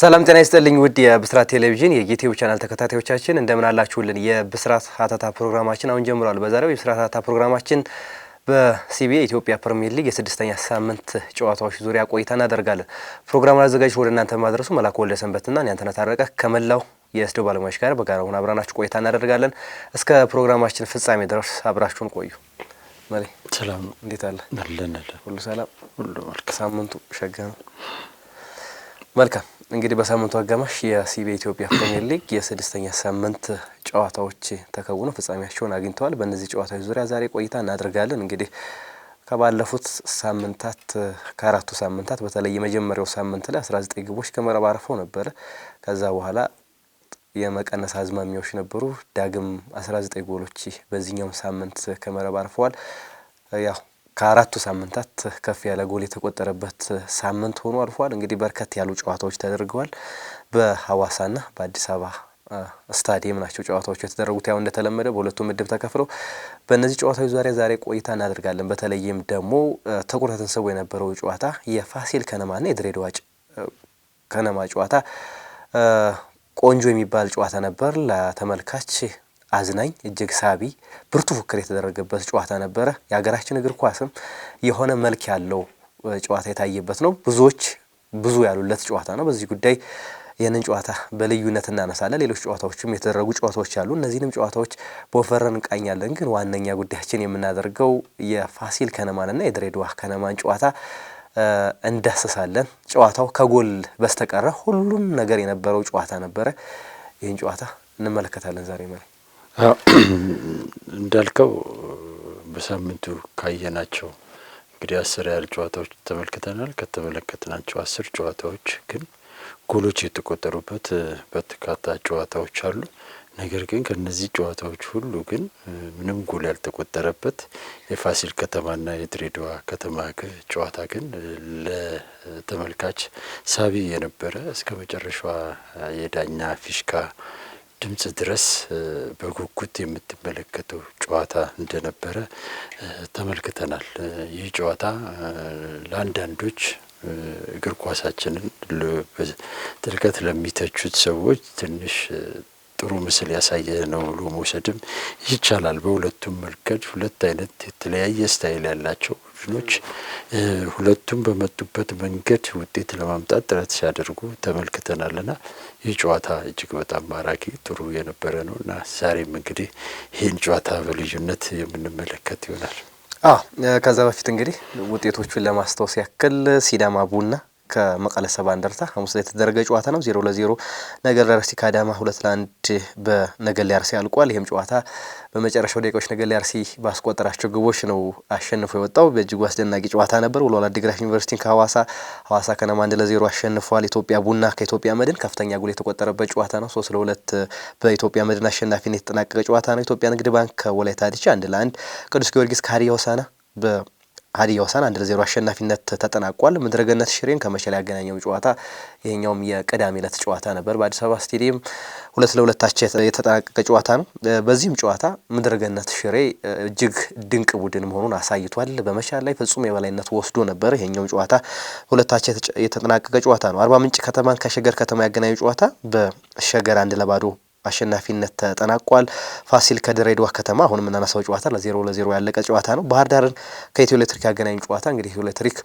ሰላም ጤና ይስጥልኝ ውድ የብስራት ቴሌቪዥን የዩቲዩብ ቻናል ተከታታዮቻችን እንደምን አላችሁልን? የብስራት ሀተታ ፕሮግራማችን አሁን ጀምሯል። በዛሬው የብስራት ሀተታ ፕሮግራማችን በሲቢኤ ኢትዮጵያ ፕሪሚየር ሊግ የስድስተኛ ሳምንት ጨዋታዎች ዙሪያ ቆይታ እናደርጋለን። ፕሮግራሙን አዘጋጅ ወደ እናንተ ማድረሱ መላኩ ወልደሰንበትና አንተነህ ታረቀ ከመላው የስቱዲዮ ባለሙያዎች ጋር በጋራ ሆነን አብራናችሁ ቆይታ እናደርጋለን። እስከ ፕሮግራማችን ፍጻሜ ድረስ አብራችሁን ቆዩ። መሪ ሰላም፣ እንዴት አለ? ሁሉ ሰላም፣ ሁሉ መልካም። ሳምንቱ ሸጋ ነው። መልካም እንግዲህ በሳምንቱ አጋማሽ የሲቢ ኢትዮጵያ ፕሪሚየር ሊግ የስድስተኛ ሳምንት ጨዋታዎች ተከውነው ፍጻሜያቸውን አግኝተዋል። በእነዚህ ጨዋታዎች ዙሪያ ዛሬ ቆይታ እናደርጋለን። እንግዲህ ከባለፉት ሳምንታት ከአራቱ ሳምንታት በተለይ የመጀመሪያው ሳምንት ላይ 19 ግቦች ከመረብ አርፈው ነበረ። ከዛ በኋላ የመቀነስ አዝማሚያዎች ነበሩ። ዳግም 19 ጎሎች በዚህኛውም ሳምንት ከመረብ አርፈዋል። ያው ከአራቱ ሳምንታት ከፍ ያለ ጎል የተቆጠረበት ሳምንት ሆኖ አልፏል። እንግዲህ በርከት ያሉ ጨዋታዎች ተደርገዋል። በሐዋሳና በአዲስ አበባ ስታዲየም ናቸው ጨዋታዎቹ የተደረጉት። ያው እንደተለመደ በሁለቱ ምድብ ተከፍለው በእነዚህ ጨዋታዎች ዛሬ ዛሬ ቆይታ እናደርጋለን። በተለይም ደግሞ ትኩረትን ስቦ የነበረው ጨዋታ የፋሲል ከነማና የድሬዳዋ ከነማ ጨዋታ ቆንጆ የሚባል ጨዋታ ነበር። ለተመልካች አዝናኝ፣ እጅግ ሳቢ፣ ብርቱ ፉክክር የተደረገበት ጨዋታ ነበረ። የሀገራችን እግር ኳስም የሆነ መልክ ያለው ጨዋታ የታየበት ነው። ብዙዎች ብዙ ያሉለት ጨዋታ ነው። በዚህ ጉዳይ ይህንን ጨዋታ በልዩነት እናነሳለን። ሌሎች ጨዋታዎችም የተደረጉ ጨዋታዎች አሉ። እነዚህንም ጨዋታዎች በወፈረ እንቃኛለን። ግን ዋነኛ ጉዳያችን የምናደርገው የፋሲል ከነማንና የድሬዳዋ ከነማን ጨዋታ እንዳሰሳለን። ጨዋታው ከጎል በስተቀረ ሁሉም ነገር የነበረው ጨዋታ ነበረ። ይህን ጨዋታ እንመለከታለን ዛሬ ማለት እንዳልከው በሳምንቱ ካየናቸው እንግዲህ አስር ያህል ጨዋታዎች ተመልክተናል። ከተመለከትናቸው አስር ጨዋታዎች ግን ጎሎች የተቆጠሩበት በርካታ ጨዋታዎች አሉ። ነገር ግን ከነዚህ ጨዋታዎች ሁሉ ግን ምንም ጎል ያልተቆጠረበት የፋሲል ከተማና የድሬዳዋ ከተማ ጨዋታ ግን ለተመልካች ሳቢ የነበረ እስከ መጨረሻዋ የዳኛ ፊሽካ ድምፅ ድረስ በጉጉት የምትመለከተው ጨዋታ እንደነበረ ተመልክተናል። ይህ ጨዋታ ለአንዳንዶች እግር ኳሳችንን ጥልቀት ለሚተቹት ሰዎች ትንሽ ጥሩ ምስል ያሳየ ነው ብሎ መውሰድም ይቻላል። በሁለቱም መልከድ ሁለት አይነት የተለያየ ስታይል ያላቸው ክፍሎች ሁለቱም በመጡበት መንገድ ውጤት ለማምጣት ጥረት ሲያደርጉ ተመልክተናልና ይህ ጨዋታ እጅግ በጣም ማራኪ ጥሩ የነበረ ነው እና ዛሬም እንግዲህ ይህን ጨዋታ በልዩነት የምንመለከት ይሆናል። ከዛ በፊት እንግዲህ ውጤቶቹን ለማስታወስ ያክል ሲዳማ ቡና ከመቀለ ሰባ እንደርታ ሐሙስ ላይ የተደረገ ጨዋታ ነው። ዜሮ ለዜሮ ነገሌ አርሲ ከአዳማ ሁለት ለአንድ በነገሌ አርሲ አልቋል። ይህም ጨዋታ በመጨረሻው ደቂቃዎች ነገሌ አርሲ ባስቆጠራቸው ግቦች ነው አሸንፎ የወጣው። በእጅጉ አስደናቂ ጨዋታ ነበር። ወልዋሎ ዓዲግራት ዩኒቨርሲቲን ከሐዋሳ ሐዋሳ ከነማ አንድ ለዜሮ አሸንፏል። ኢትዮጵያ ቡና ከኢትዮጵያ መድን ከፍተኛ ጉል የተቆጠረበት ጨዋታ ነው። ሶስት ለሁለት በኢትዮጵያ መድን አሸናፊነት የተጠናቀቀ ጨዋታ ነው። ኢትዮጵያ ንግድ ባንክ ከወላይታ ዲቻ አንድ ለአንድ፣ ቅዱስ ጊዮርጊስ ከሀዲያ ሆሳዕና በ ሀዲያ ሆሳዕና አንድ ለዜሮ አሸናፊነት ተጠናቋል። ምድረገነት ሽሬን ከመቻል ያገናኘው ጨዋታ ይሄኛውም የቅዳሜ ዕለት ጨዋታ ነበር። በአዲስ አበባ ስቴዲየም ሁለት አቻ የተጠናቀቀ ጨዋታ ነው። በዚህም ጨዋታ ምድረገነት ሽሬ እጅግ ድንቅ ቡድን መሆኑን አሳይቷል። በመቻል ላይ ፍጹም የበላይነት ወስዶ ነበር። ይሄኛውም ጨዋታ አቻ የተጠናቀቀ ጨዋታ ነው። አርባ ምንጭ ከተማን ከሸገር ከተማ ያገናኘው ጨዋታ በሸገር አንድ ለባዶ አሸናፊነት ተጠናቋል። ፋሲል ከድሬዳዋ ከተማ አሁን የምናነሳው ጨዋታ ለዜሮ ለዜሮ ያለቀ ጨዋታ ነው። ባህር ዳርን ከኢትዮ ኤሌክትሪክ ያገናኝ ጨዋታ እንግዲህ ኢትዮ ኤሌክትሪክ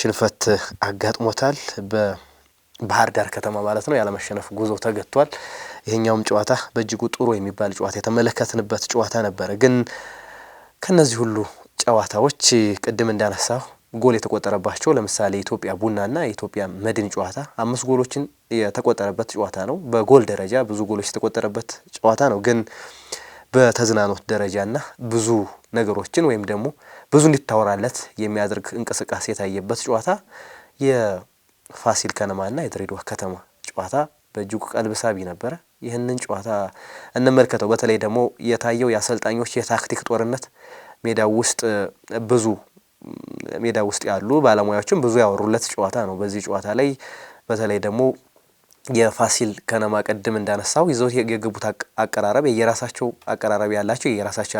ሽንፈት አጋጥሞታል በባህር ዳር ከተማ ማለት ነው። ያለመሸነፍ ጉዞ ተገጥቷል። ይሄኛውም ጨዋታ በእጅጉ ጥሩ የሚባል ጨዋታ የተመለከትንበት ጨዋታ ነበረ። ግን ከነዚህ ሁሉ ጨዋታዎች ቅድም እንዳነሳው ጎል የተቆጠረባቸው ለምሳሌ የኢትዮጵያ ቡናና የኢትዮጵያ መድን ጨዋታ አምስት ጎሎችን የተቆጠረበት ጨዋታ ነው። በጎል ደረጃ ብዙ ጎሎች የተቆጠረበት ጨዋታ ነው። ግን በተዝናኖት ደረጃና ብዙ ነገሮችን ወይም ደግሞ ብዙ እንዲታወራለት የሚያደርግ እንቅስቃሴ የታየበት ጨዋታ የፋሲል ከነማና የድሬዳዋ ከተማ ጨዋታ በእጅጉ ቀልብ ሳቢ ነበረ። ይህንን ጨዋታ እንመልከተው። በተለይ ደግሞ የታየው የአሰልጣኞች የታክቲክ ጦርነት ሜዳው ውስጥ ብዙ ሜዳ ውስጥ ያሉ ባለሙያዎችም ብዙ ያወሩለት ጨዋታ ነው። በዚህ ጨዋታ ላይ በተለይ ደግሞ የፋሲል ከነማ ቅድም እንዳነሳው ይዘውት የገቡት አቀራረብ የየራሳቸው አቀራረብ ያላቸው የየራሳቸው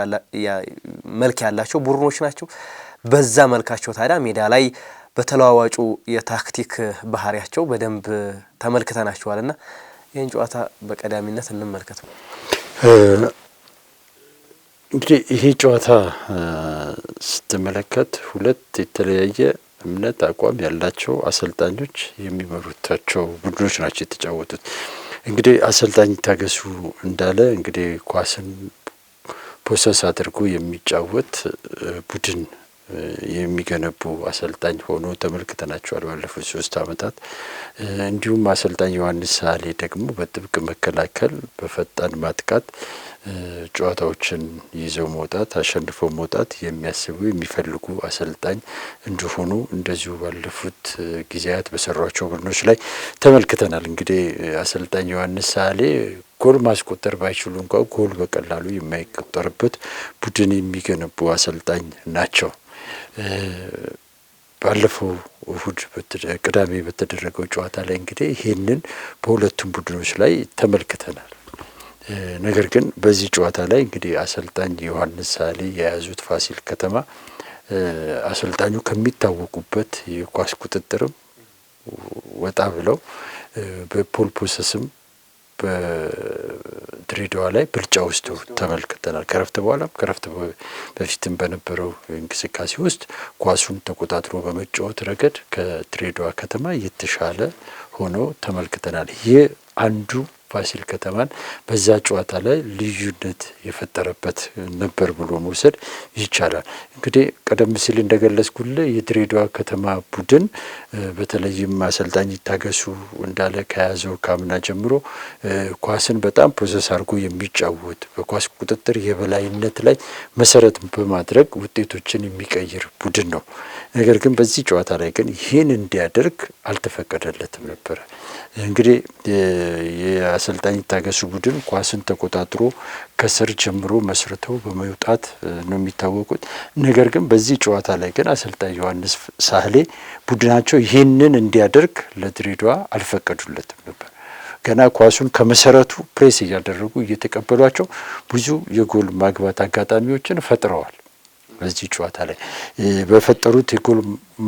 መልክ ያላቸው ቡድኖች ናቸው። በዛ መልካቸው ታዲያ ሜዳ ላይ በተለዋዋጩ የታክቲክ ባህሪያቸው በደንብ ተመልክተናቸዋልና ይህን ጨዋታ በቀዳሚነት እንመልከት። እንግዲህ ይሄ ጨዋታ ስትመለከት ሁለት የተለያየ እምነት አቋም ያላቸው አሰልጣኞች የሚመሩታቸው ቡድኖች ናቸው የተጫወቱት። እንግዲህ አሰልጣኝ ታገሱ እንዳለ እንግዲህ ኳስን ፖሰስ አድርጎ የሚጫወት ቡድን የሚገነቡ አሰልጣኝ ሆኖ ተመልክተናቸዋል ባለፉት ሶስት ዓመታት። እንዲሁም አሰልጣኝ ዮሐንስ ሳሌ ደግሞ በጥብቅ መከላከል፣ በፈጣን ማጥቃት ጨዋታዎችን ይዘው መውጣት አሸንፈው መውጣት የሚያስቡ የሚፈልጉ አሰልጣኝ እንደሆኑ እንደዚሁ ባለፉት ጊዜያት በሰሯቸው ቡድኖች ላይ ተመልክተናል። እንግዲህ አሰልጣኝ ዮሐንስ ሳሌ ጎል ማስቆጠር ባይችሉ እንኳ ጎል በቀላሉ የማይቆጠርበት ቡድን የሚገነቡ አሰልጣኝ ናቸው። ባለፈው እሁድ ቅዳሜ በተደረገው ጨዋታ ላይ እንግዲህ ይህንን በሁለቱም ቡድኖች ላይ ተመልክተናል። ነገር ግን በዚህ ጨዋታ ላይ እንግዲህ አሰልጣኝ ዮሐንስ ሳሌ የያዙት ፋሲል ከተማ አሰልጣኙ ከሚታወቁበት የኳስ ቁጥጥርም ወጣ ብለው በፖልፖሰስም በድሬዳዋ ላይ ብልጫ ውስጥ ተመልክተናል። ከረፍት በኋላም ከረፍት በፊትም በነበረው እንቅስቃሴ ውስጥ ኳሱን ተቆጣጥሮ በመጫወት ረገድ ከድሬዳዋ ከተማ የተሻለ ሆኖ ተመልክተናል። ይህ አንዱ ፋሲል ከተማን በዛ ጨዋታ ላይ ልዩነት የፈጠረበት ነበር ብሎ መውሰድ ይቻላል። እንግዲህ ቀደም ሲል እንደገለጽኩል የድሬዳዋ ከተማ ቡድን በተለይም አሰልጣኝ ይታገሱ እንዳለ ከያዘው ካምና ጀምሮ ኳስን በጣም ፕሮሰስ አድርጎ የሚጫወት በኳስ ቁጥጥር የበላይነት ላይ መሰረት በማድረግ ውጤቶችን የሚቀይር ቡድን ነው። ነገር ግን በዚህ ጨዋታ ላይ ግን ይህን እንዲያደርግ አልተፈቀደለትም ነበረ እንግዲህ አሰልጣኝ ታገሱ ቡድን ኳስን ተቆጣጥሮ ከስር ጀምሮ መስርተው በመውጣት ነው የሚታወቁት። ነገር ግን በዚህ ጨዋታ ላይ ግን አሰልጣኝ ዮሐንስ ሳህሌ ቡድናቸው ይህንን እንዲያደርግ ለድሬዳዋ አልፈቀዱለትም ነበር። ገና ኳሱን ከመሰረቱ ፕሬስ እያደረጉ እየተቀበሏቸው ብዙ የጎል ማግባት አጋጣሚዎችን ፈጥረዋል። በዚህ ጨዋታ ላይ በፈጠሩት የጎል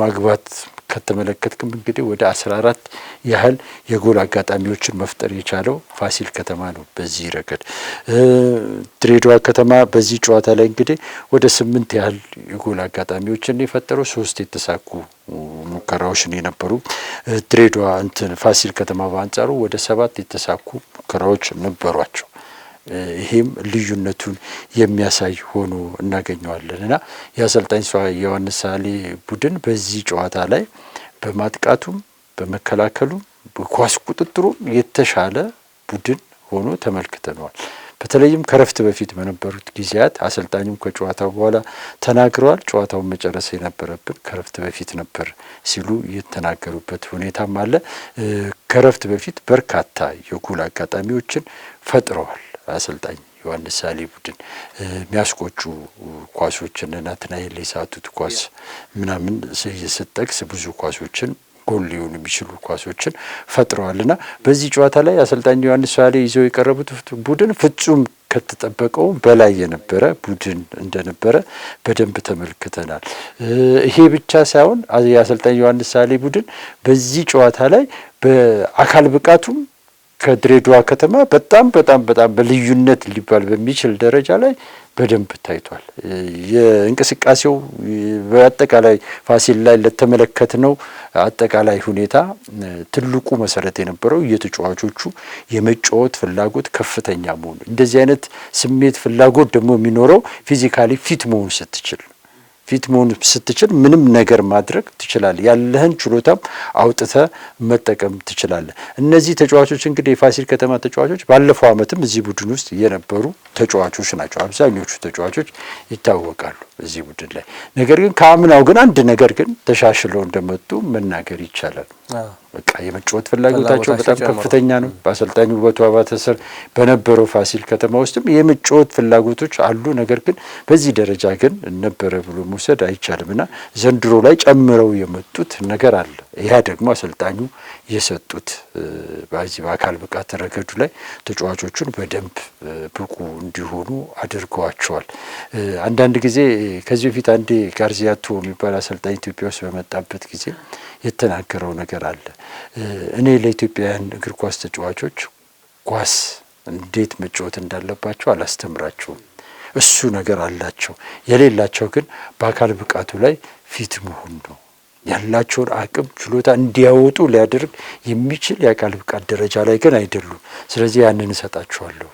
ማግባት ከተመለከትክም እንግዲህ ወደ 14 ያህል የጎል አጋጣሚዎችን መፍጠር የቻለው ፋሲል ከተማ ነው። በዚህ ረገድ ድሬዳዋ ከተማ በዚህ ጨዋታ ላይ እንግዲህ ወደ ስምንት ያህል የጎል አጋጣሚዎችን የፈጠረው ሶስት የተሳኩ ሙከራዎችን የነበሩ ድሬዳዋ እንትን ፋሲል ከተማ በአንጻሩ ወደ ሰባት የተሳኩ ሙከራዎች ነበሯቸው። ይሄም ልዩነቱን የሚያሳይ ሆኖ እናገኘዋለን እና የአሰልጣኝ ዮሐንስ ሳሌ ቡድን በዚህ ጨዋታ ላይ በማጥቃቱም በመከላከሉም በኳስ ቁጥጥሩም የተሻለ ቡድን ሆኖ ተመልክተነዋል። በተለይም ከረፍት በፊት በነበሩት ጊዜያት አሰልጣኙም ከጨዋታው በኋላ ተናግረዋል። ጨዋታውን መጨረስ የነበረብን ከረፍት በፊት ነበር ሲሉ የተናገሩበት ሁኔታም አለ። ከረፍት በፊት በርካታ የጎል አጋጣሚዎችን ፈጥረዋል። አሰልጣኝ ዮሐንስ ሳሌ ቡድን የሚያስቆጩ ኳሶችን ናትናኤል የሳቱት ኳስ ምናምን ስጠቅስ ብዙ ኳሶችን ጎል ሊሆኑ የሚችሉ ኳሶችን ፈጥረዋልና በዚህ ጨዋታ ላይ አሰልጣኝ ዮሐንስ ሳሌ ይዘው የቀረቡት ቡድን ፍጹም ከተጠበቀው በላይ የነበረ ቡድን እንደነበረ በደንብ ተመልክተናል። ይሄ ብቻ ሳይሆን የአሰልጣኝ ዮሐንስ ሳሌ ቡድን በዚህ ጨዋታ ላይ በአካል ብቃቱም ከድሬዳዋ ከተማ በጣም በጣም በጣም በልዩነት ሊባል በሚችል ደረጃ ላይ በደንብ ታይቷል። የእንቅስቃሴው በአጠቃላይ ፋሲል ላይ ለተመለከትነው አጠቃላይ ሁኔታ ትልቁ መሰረት የነበረው የተጫዋቾቹ የመጫወት ፍላጎት ከፍተኛ መሆኑ፣ እንደዚህ አይነት ስሜት ፍላጎት ደግሞ የሚኖረው ፊዚካሊ ፊት መሆን ስትችል ፊት መሆን ስትችል ምንም ነገር ማድረግ ትችላለ ያለህን ችሎታም አውጥተ መጠቀም ትችላለ እነዚህ ተጫዋቾች እንግዲህ የፋሲል ከተማ ተጫዋቾች ባለፈው ዓመትም እዚህ ቡድን ውስጥ የነበሩ ተጫዋቾች ናቸው። አብዛኞቹ ተጫዋቾች ይታወቃሉ እዚህ ቡድን ላይ። ነገር ግን ከአምናው ግን አንድ ነገር ግን ተሻሽለው እንደመጡ መናገር ይቻላል። በቃ የመጫወት ፍላጎታቸው በጣም ከፍተኛ ነው። በአሰልጣኝ ውበቱ አባተ ስር በነበረው ፋሲል ከተማ ውስጥም የመጫወት ፍላጎቶች አሉ። ነገር ግን በዚህ ደረጃ ግን ነበረ ብሎ መውሰድ አይቻልም እና ዘንድሮ ላይ ጨምረው የመጡት ነገር አለ። ያ ደግሞ አሰልጣኙ የሰጡት በዚህ በአካል ብቃት ረገዱ ላይ ተጫዋቾቹን በደንብ ብቁ እንዲሆኑ አድርገዋቸዋል። አንዳንድ ጊዜ ከዚህ በፊት አንዴ ጋርዚያቶ የሚባል አሰልጣኝ ኢትዮጵያ ውስጥ በመጣበት ጊዜ የተናገረው ነገር አለ። እኔ ለኢትዮጵያውያን እግር ኳስ ተጫዋቾች ኳስ እንዴት መጫወት እንዳለባቸው አላስተምራቸውም። እሱ ነገር አላቸው። የሌላቸው ግን በአካል ብቃቱ ላይ ፊት መሆን ነው። ያላቸውን አቅም ችሎታ እንዲያወጡ ሊያደርግ የሚችል የአካል ብቃት ደረጃ ላይ ግን አይደሉም። ስለዚህ ያንን እሰጣችኋለሁ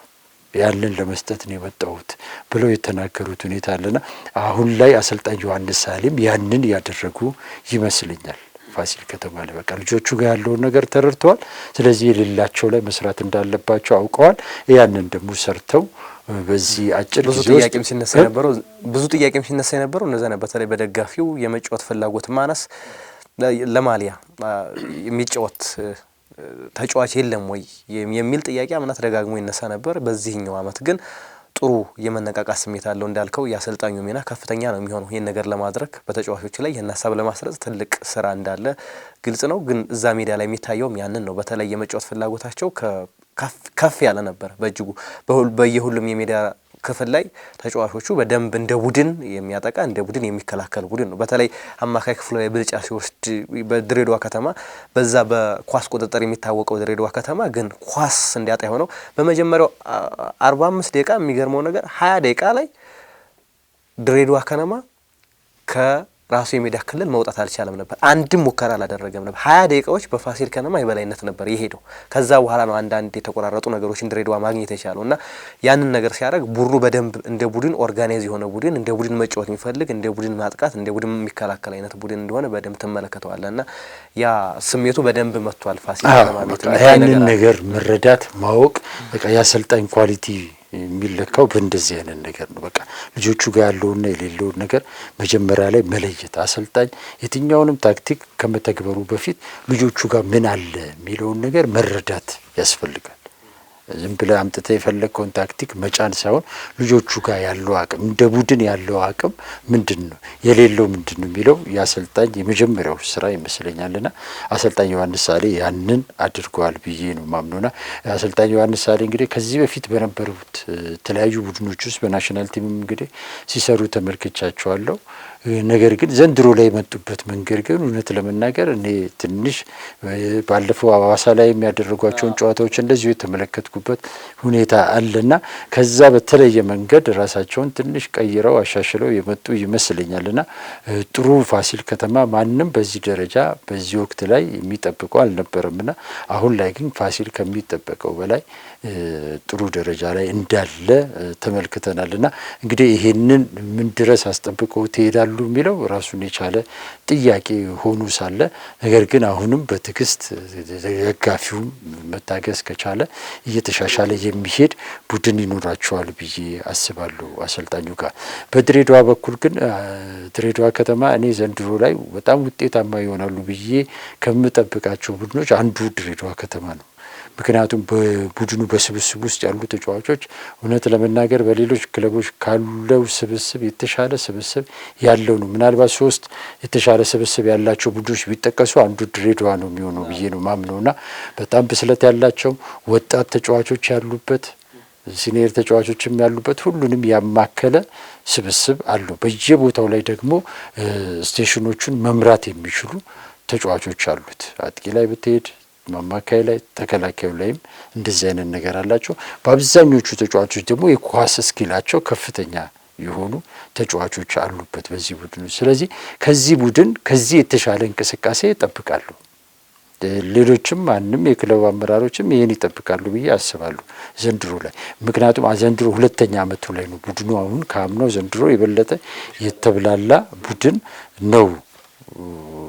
ያንን ለመስጠት ነው የመጣሁት ብለው የተናገሩት ሁኔታ አለና አሁን ላይ አሰልጣኝ ዮሐንስ ሳሊም ያንን ያደረጉ ይመስለኛል። ፋሲል ከተማ ላይ በቃ ልጆቹ ጋር ያለውን ነገር ተረድተዋል። ስለዚህ የሌላቸው ላይ መስራት እንዳለባቸው አውቀዋል። ያንን ደግሞ ሰርተው በዚህ አጭር ብዙ ጥያቄም ሲነሳ የነበረው ብዙ ጥያቄም ሲነሳ የነበረው እነዛ በተለይ በደጋፊው የመጫወት ፍላጎት ማነስ ለማሊያ የሚጫወት ተጫዋች የለም ወይ የሚል ጥያቄ አምና ደጋግሞ ይነሳ ነበር። በዚህኛው ዓመት ግን ጥሩ የመነቃቃት ስሜት አለው። እንዳልከው የአሰልጣኙ ሚና ከፍተኛ ነው የሚሆነው ይህን ነገር ለማድረግ በተጫዋቾች ላይ ይህን ሀሳብ ለማስረጽ ትልቅ ስራ እንዳለ ግልጽ ነው። ግን እዛ ሜዳ ላይ የሚታየውም ያንን ነው። በተለይ የመጫወት ፍላጎታቸው ከፍ ያለ ነበር በእጅጉ በየሁሉም የሜዳ ክፍል ላይ ተጫዋቾቹ በደንብ እንደ ቡድን የሚያጠቃ እንደ ቡድን የሚከላከል ቡድን ነው። በተለይ አማካይ ክፍሉ ላይ ብልጫ ሲወስድ በድሬዳዋ ከተማ በዛ በኳስ ቁጥጥር የሚታወቀው ድሬዳዋ ከተማ ግን ኳስ እንዲያጣ የሆነው በመጀመሪያው አምስት ደቂቃ የሚገርመው ነገር 20 ደቂቃ ላይ ድሬዳዋ ከነማ ከ ራሱ የሜዳ ክልል መውጣት አልቻለም ነበር። አንድም ሙከራ አላደረገም ነበር። ሀያ ደቂቃዎች በፋሲል ከነማ የበላይነት ነበር የሄደው። ከዛ በኋላ ነው አንዳንድ የተቆራረጡ ነገሮችን ድሬዳዋ ማግኘት የቻለው እና ያንን ነገር ሲያደርግ ቡድኑ በደንብ እንደ ቡድን ኦርጋናይዝ የሆነ ቡድን፣ እንደ ቡድን መጫወት የሚፈልግ እንደ ቡድን ማጥቃት፣ እንደ ቡድን የሚከላከል አይነት ቡድን እንደሆነ በደንብ ትመለከተዋለ እና ያ ስሜቱ በደንብ መጥቷል። ፋሲል ከነማ ያንን ነገር መረዳት ማወቅ በቃ የአሰልጣኝ ኳሊቲ የሚለካው በእንደዚህ አይነት ነገር ነው። በቃ ልጆቹ ጋር ያለውና የሌለውን ነገር መጀመሪያ ላይ መለየት፣ አሰልጣኝ የትኛውንም ታክቲክ ከመተግበሩ በፊት ልጆቹ ጋር ምን አለ የሚለውን ነገር መረዳት ያስፈልጋል። ዝም ብለህ አምጥተህ የፈለግከውን ታክቲክ መጫን ሳይሆን ልጆቹ ጋር ያለው አቅም እንደ ቡድን ያለው አቅም ምንድን ነው የሌለው ምንድን ነው የሚለው የአሰልጣኝ የመጀመሪያው ስራ ይመስለኛልና አሰልጣኝ ዮሐንስ ሳሌ ያንን አድርገዋል ብዬ ነው ማምኖና አሰልጣኝ ዮሐንስ ሳሌ እንግዲህ ከዚህ በፊት በነበሩት የተለያዩ ቡድኖች ውስጥ በናሽናል ቲም እንግዲህ ሲሰሩ ተመልክቻቸዋለሁ። ነገር ግን ዘንድሮ ላይ የመጡበት መንገድ ግን እውነት ለመናገር እኔ ትንሽ ባለፈው አዋሳ ላይ የሚያደረጓቸውን ጨዋታዎች እንደዚሁ የተመለከትኩበት ሁኔታ አለና ከዛ በተለየ መንገድ ራሳቸውን ትንሽ ቀይረው አሻሽለው የመጡ ይመስለኛልና ጥሩ ፋሲል ከተማ ማንም በዚህ ደረጃ በዚህ ወቅት ላይ የሚጠብቀው አልነበረምና አሁን ላይ ግን ፋሲል ከሚጠበቀው በላይ ጥሩ ደረጃ ላይ እንዳለ ተመልክተናልና እንግዲህ ይሄንን ምን ድረስ አስጠብቀው ትሄዳል? ያሉ የሚለው ራሱን የቻለ ጥያቄ ሆኖ ሳለ ነገር ግን አሁንም በትዕግስት ደጋፊውም መታገስ ከቻለ እየተሻሻለ የሚሄድ ቡድን ይኖራቸዋል ብዬ አስባለሁ። አሰልጣኙ ጋር በድሬዳዋ በኩል ግን ድሬዳዋ ከተማ እኔ ዘንድሮ ላይ በጣም ውጤታማ ይሆናሉ ብዬ ከምጠብቃቸው ቡድኖች አንዱ ድሬዳዋ ከተማ ነው። ምክንያቱም በቡድኑ በስብስብ ውስጥ ያሉ ተጫዋቾች እውነት ለመናገር በሌሎች ክለቦች ካለው ስብስብ የተሻለ ስብስብ ያለው ነው። ምናልባት ሶስት የተሻለ ስብስብ ያላቸው ቡድኖች ቢጠቀሱ አንዱ ድሬዳዋ ነው የሚሆነው ብዬ ነው እና በጣም ብስለት ያላቸው ወጣት ተጫዋቾች ያሉበት ሲኒየር ተጫዋቾችም ያሉበት ሁሉንም ያማከለ ስብስብ አለው። በየቦታው ላይ ደግሞ ስቴሽኖቹን መምራት የሚችሉ ተጫዋቾች አሉት። አጥቂ ላይ ብትሄድ አማካይ ላይ ተከላካዩ ላይም እንደዚህ አይነት ነገር አላቸው። በአብዛኞቹ ተጫዋቾች ደግሞ የኳስ እስኪላቸው ከፍተኛ የሆኑ ተጫዋቾች አሉበት በዚህ ቡድን ስለዚህ ከዚህ ቡድን ከዚህ የተሻለ እንቅስቃሴ ይጠብቃሉ። ሌሎችም ማንም የክለብ አመራሮችም ይህን ይጠብቃሉ ብዬ አስባለሁ ዘንድሮ ላይ ምክንያቱም ዘንድሮ ሁለተኛ አመቱ ላይ ነው ቡድኑ አሁን ከአምናው ዘንድሮ የበለጠ የተብላላ ቡድን ነው።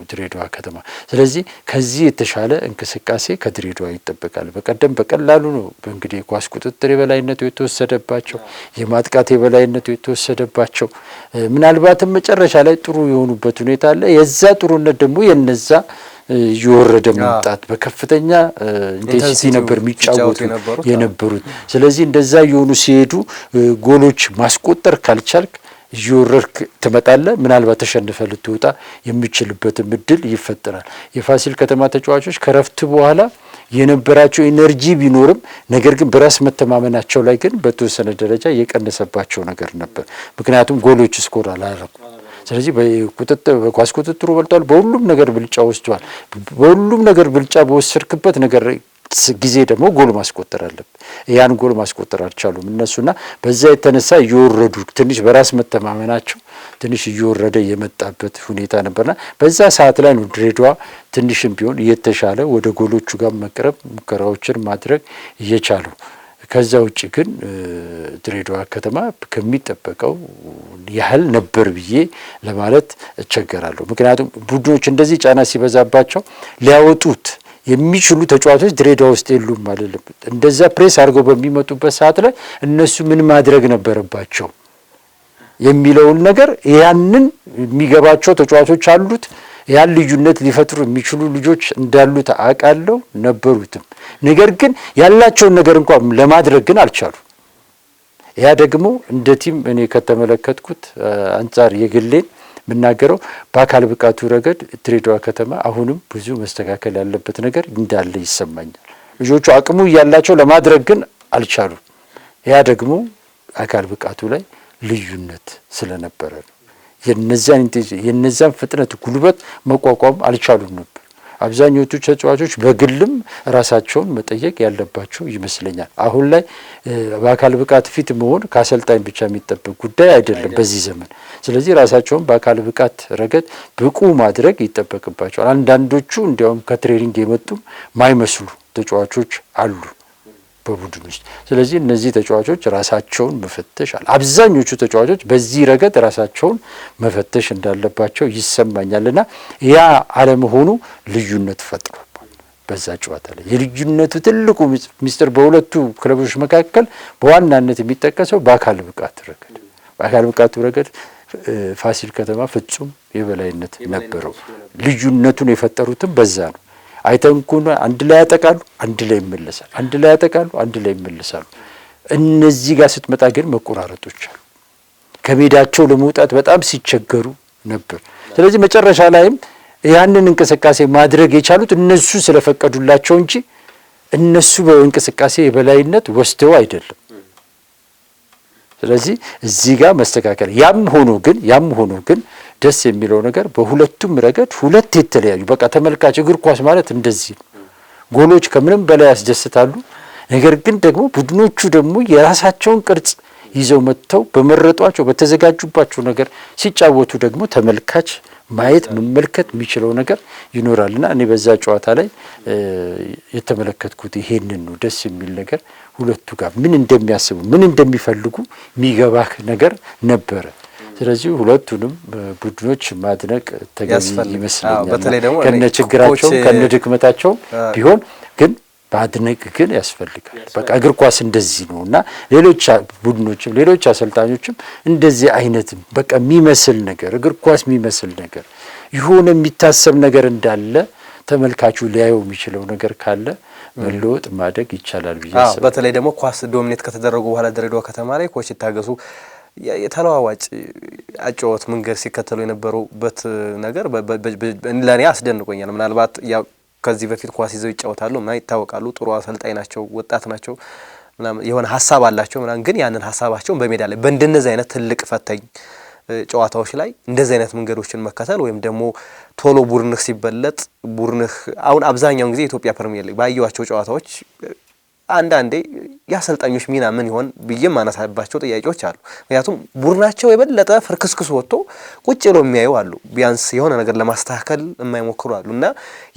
ድሬዳዋ ከተማ። ስለዚህ ከዚህ የተሻለ እንቅስቃሴ ከድሬዳዋ ይጠበቃል። በቀደም በቀላሉ ነው በእንግዲህ የኳስ ቁጥጥር የበላይነቱ የተወሰደባቸው፣ የማጥቃት የበላይነቱ የተወሰደባቸው ምናልባትም መጨረሻ ላይ ጥሩ የሆኑበት ሁኔታ አለ። የዛ ጥሩነት ደግሞ የነዛ እየወረደ መምጣት በከፍተኛ ኢንቴንሲቲ ነበር የሚጫወቱ የነበሩት። ስለዚህ እንደዛ እየሆኑ ሲሄዱ ጎሎች ማስቆጠር ካልቻልክ እየወረድክ ትመጣለ። ምናልባት ተሸንፈ ልትወጣ የሚችልበትም እድል ይፈጠራል። የፋሲል ከተማ ተጫዋቾች ከረፍት በኋላ የነበራቸው ኤነርጂ ቢኖርም ነገር ግን በራስ መተማመናቸው ላይ ግን በተወሰነ ደረጃ የቀነሰባቸው ነገር ነበር። ምክንያቱም ጎሎች ስኮር አላረኩም። ስለዚህ በኳስ ቁጥጥሩ በልጧል። በሁሉም ነገር ብልጫ ወስዷል። በሁሉም ነገር ብልጫ በወሰድክበት ነገር ጊዜ ደግሞ ጎል ማስቆጠር አለብን። ያን ጎል ማስቆጠር አልቻሉም እነሱና በዛ የተነሳ እየወረዱ ትንሽ በራስ መተማመናቸው ትንሽ እየወረደ የመጣበት ሁኔታ ነበርና በዛ ሰዓት ላይ ነው ድሬዳዋ ትንሽም ቢሆን እየተሻለ ወደ ጎሎቹ ጋር መቅረብ ሙከራዎችን ማድረግ እየቻለው። ከዛ ውጭ ግን ድሬዳዋ ከተማ ከሚጠበቀው ያህል ነበር ብዬ ለማለት እቸገራለሁ። ምክንያቱም ቡድኖች እንደዚህ ጫና ሲበዛባቸው ሊያወጡት የሚችሉ ተጫዋቾች ድሬዳዋ ውስጥ የሉም አይደለም። እንደዛ ፕሬስ አድርገው በሚመጡበት ሰዓት ላይ እነሱ ምን ማድረግ ነበረባቸው የሚለውን ነገር ያንን የሚገባቸው ተጫዋቾች አሉት። ያን ልዩነት ሊፈጥሩ የሚችሉ ልጆች እንዳሉት አውቃለሁ ነበሩትም። ነገር ግን ያላቸውን ነገር እንኳን ለማድረግ ግን አልቻሉ። ያ ደግሞ እንደ ቲም እኔ ከተመለከትኩት አንጻር የግሌን የምናገረው በአካል ብቃቱ ረገድ ድሬዳዋ ከተማ አሁንም ብዙ መስተካከል ያለበት ነገር እንዳለ ይሰማኛል። ልጆቹ አቅሙ እያላቸው ለማድረግ ግን አልቻሉም። ያ ደግሞ አካል ብቃቱ ላይ ልዩነት ስለነበረ ነው። የነዚያን ፍጥነት ጉልበት መቋቋም አልቻሉም ነበር። አብዛኞቹ ተጫዋቾች በግልም ራሳቸውን መጠየቅ ያለባቸው ይመስለኛል። አሁን ላይ በአካል ብቃት ፊት መሆን ከአሰልጣኝ ብቻ የሚጠበቅ ጉዳይ አይደለም በዚህ ዘመን። ስለዚህ ራሳቸውን በአካል ብቃት ረገድ ብቁ ማድረግ ይጠበቅባቸዋል። አንዳንዶቹ እንዲያውም ከትሬኒንግ የመጡም ማይመስሉ ተጫዋቾች አሉ። በቡድን ውስጥ ስለዚህ እነዚህ ተጫዋቾች ራሳቸውን መፈተሽ አለ። አብዛኞቹ ተጫዋቾች በዚህ ረገድ ራሳቸውን መፈተሽ እንዳለባቸው ይሰማኛል እና ያ አለመሆኑ ልዩነት ፈጥሮ በዛ ጨዋታ ላይ የልዩነቱ ትልቁ ሚስጥር በሁለቱ ክለቦች መካከል በዋናነት የሚጠቀሰው በአካል ብቃት ረገድ በአካል ብቃቱ ረገድ ፋሲል ከተማ ፍጹም የበላይነት ነበረው። ልዩነቱን የፈጠሩትም በዛ ነው። አይተንኩን አንድ ላይ ያጠቃሉ፣ አንድ ላይ ይመለሳሉ። አንድ ላይ ያጠቃሉ፣ አንድ ላይ ይመለሳሉ። እነዚህ ጋር ስትመጣ ግን መቆራረጦች አሉ። ከሜዳቸው ለመውጣት በጣም ሲቸገሩ ነበር። ስለዚህ መጨረሻ ላይም ያንን እንቅስቃሴ ማድረግ የቻሉት እነሱ ስለፈቀዱላቸው እንጂ እነሱ በእንቅስቃሴ የበላይነት ወስደው አይደለም። ስለዚህ እዚህ ጋር መስተካከል ያም ሆኖ ግን ያም ሆኖ ግን ደስ የሚለው ነገር በሁለቱም ረገድ ሁለት የተለያዩ በቃ ተመልካች እግር ኳስ ማለት እንደዚህ ነው። ጎሎች ከምንም በላይ ያስደስታሉ። ነገር ግን ደግሞ ቡድኖቹ ደግሞ የራሳቸውን ቅርጽ ይዘው መጥተው በመረጧቸው በተዘጋጁባቸው ነገር ሲጫወቱ ደግሞ ተመልካች ማየት መመልከት የሚችለው ነገር ይኖራል እና እኔ በዛ ጨዋታ ላይ የተመለከትኩት ይሄንን ነው። ደስ የሚል ነገር ሁለቱ ጋር ምን እንደሚያስቡ ምን እንደሚፈልጉ የሚገባህ ነገር ነበረ። ስለዚህ ሁለቱንም ቡድኖች ማድነቅ ተገቢ ይመስለኛል። ከነ ችግራቸው ከነ ድክመታቸው ቢሆን ግን ማድነቅ ግን ያስፈልጋል። በቃ እግር ኳስ እንደዚህ ነው እና ሌሎች ቡድኖችም ሌሎች አሰልጣኞችም እንደዚህ አይነት በቃ የሚመስል ነገር እግር ኳስ የሚመስል ነገር የሆነ የሚታሰብ ነገር እንዳለ ተመልካቹ ሊያየው የሚችለው ነገር ካለ መለወጥ ማደግ ይቻላል ብዬ በተለይ ደግሞ ኳስ ዶሚኔት ከተደረጉ በኋላ ድሬዳዋ ከተማ ላይ ኮች ይታገሱ የተለዋዋጭ አጨዋወት መንገድ ሲከተሉ የነበሩበት ነገር ለእኔ አስደንቆኛል። ምናልባት ከዚህ በፊት ኳስ ይዘው ይጫወታሉ ምና ይታወቃሉ። ጥሩ አሰልጣኝ ናቸው፣ ወጣት ናቸው፣ የሆነ ሀሳብ አላቸው ምናምን። ግን ያንን ሀሳባቸውን በሜዳ ላይ በእንደነዚህ አይነት ትልቅ ፈታኝ ጨዋታዎች ላይ እንደዚህ አይነት መንገዶችን መከተል ወይም ደግሞ ቶሎ ቡድንህ ሲበለጥ ቡድንህ አሁን አብዛኛውን ጊዜ ኢትዮጵያ ፕሪሚየር ሊግ ባየዋቸው ጨዋታዎች አንዳንዴ የአሰልጣኞች ሚና ምን ይሆን ብዬ ማነሳባቸው ጥያቄዎች አሉ። ምክንያቱም ቡድናቸው የበለጠ ፍርክስክስ ወጥቶ ቁጭ ብሎ የሚያዩ አሉ፣ ቢያንስ የሆነ ነገር ለማስተካከል የማይሞክሩ አሉ እና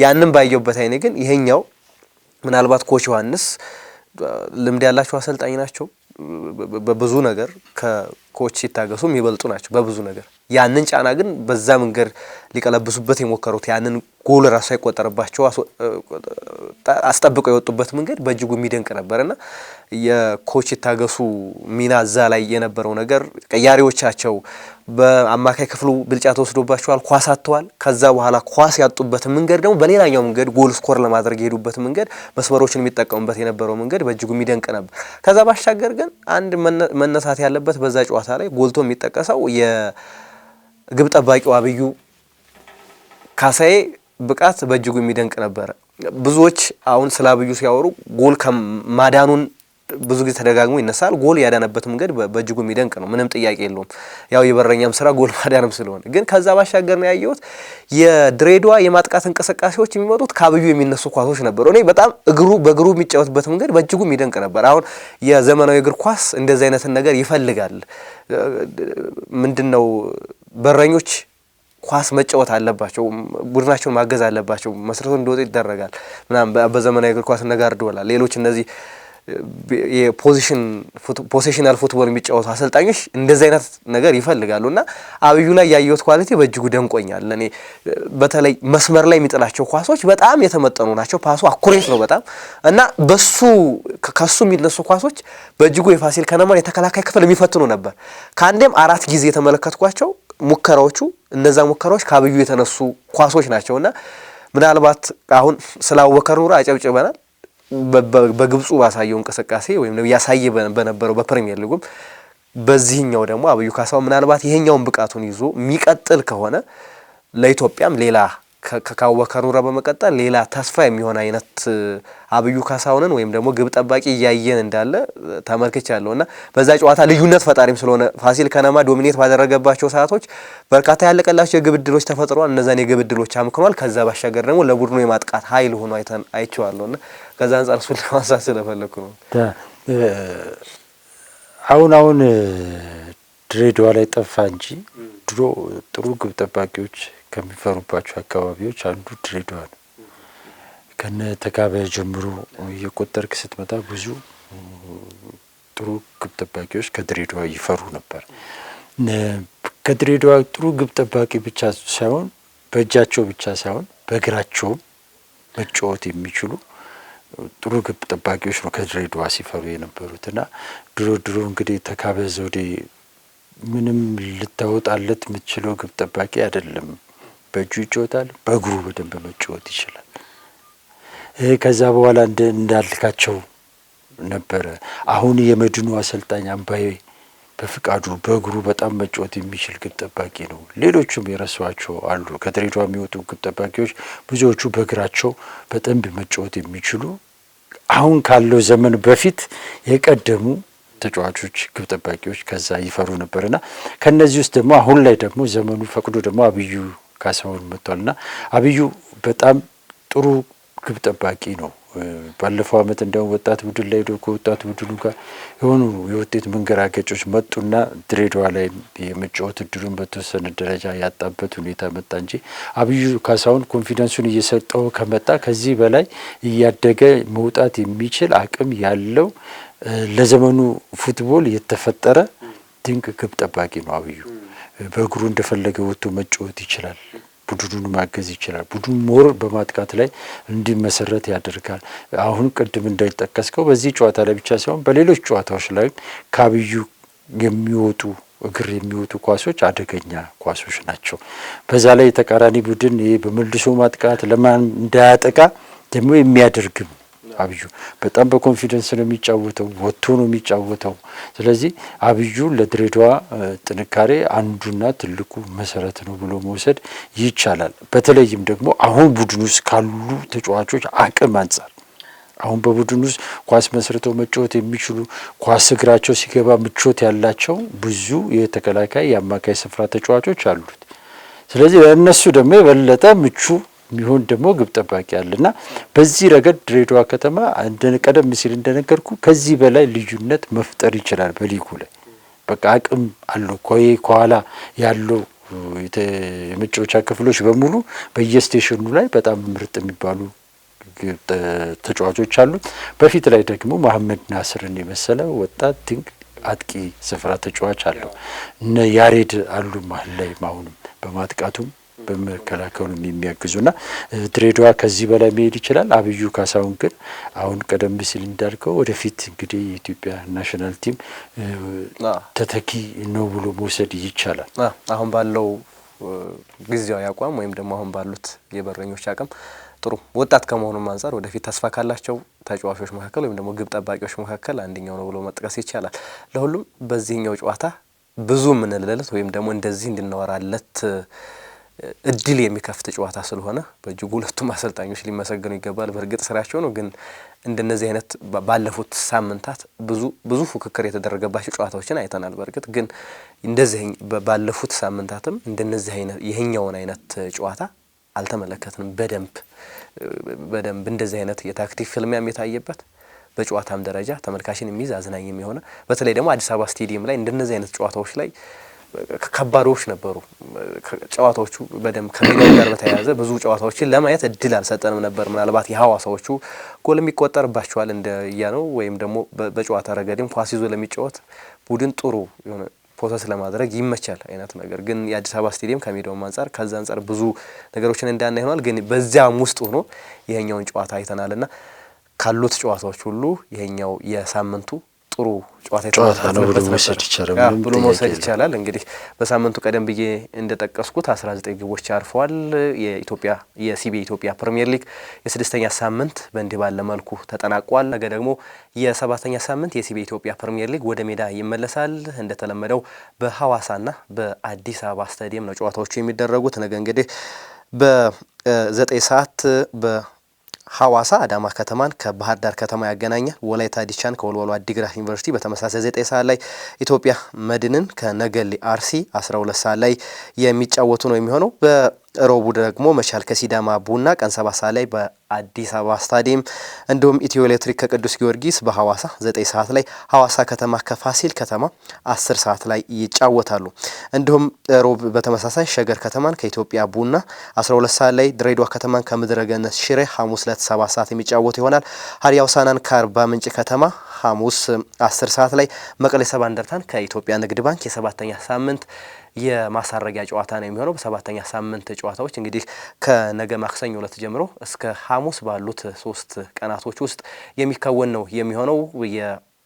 ያንን ባየሁበት አይኔ ግን ይሄኛው ምናልባት ኮች ዮሐንስ ልምድ ያላቸው አሰልጣኝ ናቸው በብዙ ነገር ከኮች ሲታገሱ የሚበልጡ ናቸው በብዙ ነገር። ያንን ጫና ግን በዛ መንገድ ሊቀለብሱበት የሞከሩት ያንን ጎል ራሱ ሳይቆጠርባቸው አስጠብቀው የወጡበት መንገድ በእጅጉ የሚደንቅ ነበርና የኮች ታገሱ ሚና እዛ ላይ የነበረው ነገር ቀያሪዎቻቸው በአማካይ ክፍሉ ብልጫ ተወስዶባቸዋል። ኳስ አጥተዋል። ከዛ በኋላ ኳስ ያጡበት መንገድ ደግሞ በሌላኛው መንገድ ጎል ስኮር ለማድረግ የሄዱበት መንገድ፣ መስመሮችን የሚጠቀሙበት የነበረው መንገድ በእጅጉ የሚደንቅ ነበር። ከዛ ባሻገር ግን አንድ መነሳት ያለበት በዛ ጨዋታ ላይ ጎልቶ የሚጠቀሰው የግብ ጠባቂው አብዩ ካሳዬ ብቃት በእጅጉ የሚደንቅ ነበረ። ብዙዎች አሁን ስለ አብዩ ሲያወሩ ጎል ከማዳኑን ብዙ ጊዜ ተደጋግሞ ይነሳል። ጎል ያዳነበት መንገድ በእጅጉ የሚደንቅ ነው፣ ምንም ጥያቄ የለውም። ያው የበረኛም ስራ ጎል ማዳንም ስለሆነ፣ ግን ከዛ ባሻገር ነው ያየሁት የድሬዳዋ የማጥቃት እንቅስቃሴዎች የሚመጡት ከአብዩ የሚነሱ ኳሶች ነበሩ። እኔ በጣም እግሩ በእግሩ የሚጫወትበት መንገድ በእጅጉ የሚደንቅ ነበር። አሁን የዘመናዊ እግር ኳስ እንደዚህ አይነትን ነገር ይፈልጋል። ምንድን ነው በረኞች ኳስ መጫወት አለባቸው፣ ቡድናቸውን ማገዝ አለባቸው፣ መስረቱ እንደወጡ ይደረጋል ምናም በዘመናዊ እግር ኳስ ነጋር ድወላል። ሌሎች እነዚህ የፖሴሽናል ፉትቦል የሚጫወቱ አሰልጣኞች እንደዚህ አይነት ነገር ይፈልጋሉ እና አብዩ ላይ ያየሁት ኳሊቲ በእጅጉ ደንቆኛል። ለእኔ በተለይ መስመር ላይ የሚጥላቸው ኳሶች በጣም የተመጠኑ ናቸው። ፓሱ አኩሬት ነው በጣም እና በሱ ከሱ የሚነሱ ኳሶች በእጅጉ የፋሲል ከነማን የተከላካይ ክፍል የሚፈትኑ ነበር። ከአንዴም አራት ጊዜ የተመለከትኳቸው ሙከራዎቹ እነዛ ሙከራዎች ከአብዩ የተነሱ ኳሶች ናቸው እና ምናልባት አሁን ስለ አቡበከር ኑር አጨብጭበናል። በግብፁ ባሳየው እንቅስቃሴ ወይም ያሳየ በነበረው በፕሪሚየር ሊጉም በዚህኛው ደግሞ አብዩ ካሳው ምናልባት ይሄኛውን ብቃቱን ይዞ የሚቀጥል ከሆነ ለኢትዮጵያም ሌላ ከካወከሩረ በመቀጠል ሌላ ተስፋ የሚሆን አይነት አብዩ ካሳሁንን ወይም ደግሞ ግብ ጠባቂ እያየን እንዳለ ተመልክቻለሁ እና በዛ ጨዋታ ልዩነት ፈጣሪም ስለሆነ ፋሲል ከነማ ዶሚኔት ባደረገባቸው ሰዓቶች በርካታ ያለቀላቸው የግብ እድሎች ተፈጥረዋል። እነዛን የግብ እድሎች አምክኗል። ከዛ ባሻገር ደግሞ ለቡድኑ የማጥቃት ኃይል ሆኖ አይተን አይቼዋለሁ እና ከዛ አንጻር እሱን ለማንሳት ስለፈለግኩ ነው። አሁን አሁን ድሬዳዋ ላይ ጠፋ እንጂ ድሮ ጥሩ ግብ ጠባቂዎች ከሚፈሩባቸው አካባቢዎች አንዱ ድሬዳዋ ነው። ከነ ተካባያ ጀምሮ እየቆጠርክ ስትመጣ ብዙ ጥሩ ግብ ጠባቂዎች ከድሬዳዋ ይፈሩ ነበር። ከድሬዳዋ ጥሩ ግብ ጠባቂ ብቻ ሳይሆን በእጃቸው ብቻ ሳይሆን በእግራቸውም መጫወት የሚችሉ ጥሩ ግብ ጠባቂዎች ነው ከድሬዳዋ ሲፈሩ የነበሩት እና ድሮ ድሮ እንግዲህ ተካባያ ዘውዴ ምንም ልታወጣለት የምትችለው ግብ ጠባቂ አይደለም። በእጁ ይጫወታል፣ በእግሩ በደንብ መጫወት ይችላል። ከዛ በኋላ እንዳልካቸው ነበረ። አሁን የመድኑ አሰልጣኝ አምባዬ በፍቃዱ በእግሩ በጣም መጫወት የሚችል ግብ ጠባቂ ነው። ሌሎቹም የረሷቸው አሉ። ከድሬዳዋ የሚወጡ ግብ ጠባቂዎች ብዙዎቹ በእግራቸው በደንብ መጫወት የሚችሉ አሁን ካለው ዘመን በፊት የቀደሙ ተጫዋቾች ግብ ጠባቂዎች ከዛ ይፈሩ ነበርና ከነዚህ ውስጥ ደግሞ አሁን ላይ ደግሞ ዘመኑ ፈቅዶ ደግሞ አብዩ ካሳሁን መጥቷል እና አብዩ በጣም ጥሩ ግብ ጠባቂ ነው። ባለፈው ዓመት እንዲያውም ወጣት ቡድን ላይ ሄዶ ከወጣት ቡድኑ ጋር የሆኑ የውጤት መንገራገጮች መጡና ድሬዳዋ ላይ የመጫወት እድሉን በተወሰነ ደረጃ ያጣበት ሁኔታ መጣ እንጂ አብዩ ካሳሁን ኮንፊደንሱን እየሰጠው ከመጣ ከዚህ በላይ እያደገ መውጣት የሚችል አቅም ያለው ለዘመኑ ፉትቦል የተፈጠረ ድንቅ ግብ ጠባቂ ነው አብዩ። በእግሩ እንደፈለገ ወጥቶ መጫወት ይችላል። ቡድኑን ማገዝ ይችላል። ቡድኑ ሞር በማጥቃት ላይ እንዲመሰረት ያደርጋል። አሁን ቅድም እንዳይጠቀስከው በዚህ ጨዋታ ላይ ብቻ ሳይሆን በሌሎች ጨዋታዎች ላይ ካብዩ የሚወጡ እግር የሚወጡ ኳሶች አደገኛ ኳሶች ናቸው። በዛ ላይ የተቃራኒ ቡድን ይህ በመልሶ ማጥቃት ለማን እንዳያጠቃ ደግሞ የሚያደርግም አብዩ በጣም በኮንፊደንስ ነው የሚጫወተው፣ ወጥቶ ነው የሚጫወተው። ስለዚህ አብዩ ለድሬዳዋ ጥንካሬ አንዱና ትልቁ መሰረት ነው ብሎ መውሰድ ይቻላል። በተለይም ደግሞ አሁን ቡድን ውስጥ ካሉ ተጫዋቾች አቅም አንጻር አሁን በቡድን ውስጥ ኳስ መስርተው መጫወት የሚችሉ ኳስ እግራቸው ሲገባ ምቾት ያላቸው ብዙ የተከላካይ የአማካይ ስፍራ ተጫዋቾች አሉት። ስለዚህ ለእነሱ ደግሞ የበለጠ ምቹ የሚሆን ደግሞ ግብ ጠባቂ አለ እና በዚህ ረገድ ድሬዳዋ ከተማ ቀደም ሲል እንደነገርኩ ከዚህ በላይ ልዩነት መፍጠር ይችላል። በሊጉ ላይ በቃ አቅም አለው። ኮይ ከኋላ ያለው የመጫወቻ ክፍሎች በሙሉ በየስቴሽኑ ላይ በጣም ምርጥ የሚባሉ ተጫዋቾች አሉት። በፊት ላይ ደግሞ መሐመድ ናስርን የመሰለ ወጣት ድንቅ አጥቂ ስፍራ ተጫዋች አለው። እነ ያሬድ አሉ መሀል ላይ አሁንም በማጥቃቱም የሚያግዙ ና ድሬዳዋ ከዚህ በላይ መሄድ ይችላል። አብዩ ካሳሁን ግን አሁን ቀደም ሲል እንዳልከው ወደፊት እንግዲህ የኢትዮጵያ ናሽናል ቲም ተተኪ ነው ብሎ መውሰድ ይቻላል። አሁን ባለው ጊዜያዊ አቋም ወይም ደግሞ አሁን ባሉት የበረኞች አቅም ጥሩ ወጣት ከመሆኑም አንጻር ወደፊት ተስፋ ካላቸው ተጫዋቾች መካከል ወይም ደግሞ ግብ ጠባቂዎች መካከል አንደኛው ነው ብሎ መጥቀስ ይቻላል። ለሁሉም በዚህኛው ጨዋታ ብዙ የምንልለት ወይም ደግሞ እንደዚህ እንድናወራለት እድል የሚከፍት ጨዋታ ስለሆነ በእጅጉ ሁለቱም አሰልጣኞች ሊመሰገኑ ይገባል። በእርግጥ ስራቸው ነው፣ ግን እንደነዚህ አይነት ባለፉት ሳምንታት ብዙ ብዙ ፉክክር የተደረገባቸው ጨዋታዎችን አይተናል። በእርግጥ ግን እንደዚህ ባለፉት ሳምንታትም እንደነዚህ አይነት ይህኛውን አይነት ጨዋታ አልተመለከትንም። በደንብ በደንብ እንደዚህ አይነት የታክቲክ ፍልሚያም የታየበት በጨዋታም ደረጃ ተመልካችን የሚይዝ አዝናኝ የሆነ በተለይ ደግሞ አዲስ አበባ ስቴዲየም ላይ እንደነዚህ አይነት ጨዋታዎች ላይ ከባዶች ነበሩ። ጨዋታዎቹ በደንብ ከሜዳው ጋር በተያያዘ ብዙ ጨዋታዎችን ለማየት እድል አልሰጠንም ነበር። ምናልባት የሀዋሳዎቹ ጎል የሚቆጠርባቸዋል እንደ እያ ነው ወይም ደግሞ በጨዋታ ረገድም ኳስ ይዞ ለሚጫወት ቡድን ጥሩ የሆነ ፕሮሰስ ለማድረግ ይመቻል አይነት ነገር ግን የአዲስ አበባ ስቴዲየም ከሜዳውም አንጻር ከዛ አንጻር ብዙ ነገሮችን እንዳና ይሆናል። ግን በዚያም ውስጥ ሆኖ ይሄኛውን ጨዋታ አይተናልና ካሉት ጨዋታዎች ሁሉ ይሄኛው የሳምንቱ ጥሩ ጨዋታ ጨዋታ ነው ብሎ መውሰድ ይቻላል ብሎ መውሰድ ይቻላል። እንግዲህ በሳምንቱ ቀደም ብዬ እንደጠቀስኩት 19 ግቦች አርፈዋል። የኢትዮጵያ የሲቢ ኢትዮጵያ ፕሪሚየር ሊግ የስድስተኛ ሳምንት በእንዲህ ባለ መልኩ ተጠናቋል። ነገ ደግሞ የሰባተኛ ሳምንት የሲቢ ኢትዮጵያ ፕሪሚየር ሊግ ወደ ሜዳ ይመለሳል። እንደተለመደው በሐዋሳና በአዲስ አበባ ስታዲየም ነው ጨዋታዎቹ የሚደረጉት። ነገ እንግዲህ በዘጠኝ ሰዓት በ ሐዋሳ አዳማ ከተማን ከባህር ዳር ከተማ ያገናኛል። ወላይታ ዲቻን ከወልወሎ አዲግራት ዩኒቨርሲቲ በተመሳሳይ ዘጠኝ ሰዓት ላይ ኢትዮጵያ መድንን ከነገሌ አርሲ 12 ሰዓት ላይ የሚጫወቱ ነው የሚሆነው። ሮቡ ደግሞ መቻል ከሲዳማ ቡና ቀን ሰባት ሰዓት ላይ በአዲስ አበባ ስታዲየም እንዲሁም ኢትዮ ኤሌክትሪክ ከቅዱስ ጊዮርጊስ በሐዋሳ ዘጠኝ ሰዓት ላይ ሐዋሳ ከተማ ከፋሲል ከተማ አስር ሰዓት ላይ ይጫወታሉ። እንዲሁም ሮብ በተመሳሳይ ሸገር ከተማን ከኢትዮጵያ ቡና 12 ሰዓት ላይ፣ ድሬዳዋ ከተማን ከምድረገነት ሽሬ ሐሙስ ዕለት ሰባት ሰዓት የሚጫወቱ ይሆናል። ሀዲያ ሆሳዕናን ከአርባ ምንጭ ከተማ ሐሙስ 10 ሰዓት ላይ መቀሌ ሰባ እንደርታን ከኢትዮጵያ ንግድ ባንክ የሰባተኛ ሳምንት የማሳረጊያ ጨዋታ ነው የሚሆነው። በሰባተኛ ሳምንት ጨዋታዎች እንግዲህ ከነገ ማክሰኞ ዕለት ጀምሮ እስከ ሐሙስ ባሉት ሶስት ቀናቶች ውስጥ የሚከወን ነው የሚሆነው።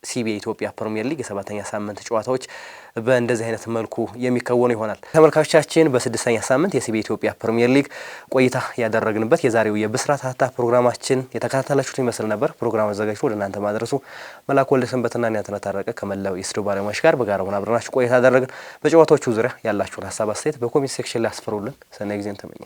ሲቢ የኢትዮጵያ ፕሪሚየር ሊግ የሰባተኛ ሳምንት ጨዋታዎች በእንደዚህ አይነት መልኩ የሚከወኑ ይሆናል። ተመልካቾቻችን በስድስተኛ ሳምንት የሲቢ ኢትዮጵያ ፕሪሚየር ሊግ ቆይታ ያደረግንበት የዛሬው የብስራት ሀታ ፕሮግራማችን የተከታተላችሁት ይመስል ነበር። ፕሮግራም አዘጋጅቶ ወደ እናንተ ማድረሱ መላኩ ወልደሰንበትና ኒያ ተነታረቀ ከመላው የስቱዲዮ ባለሙያዎች ጋር በጋራ ሆነን አብረናችሁ ቆይታ አደረግን። በጨዋታዎቹ ዙሪያ ያላችሁን ሀሳብ አስተያየት በኮሜንት ሴክሽን ላይ አስፈሩልን። ሰናይ ጊዜን ተመኘ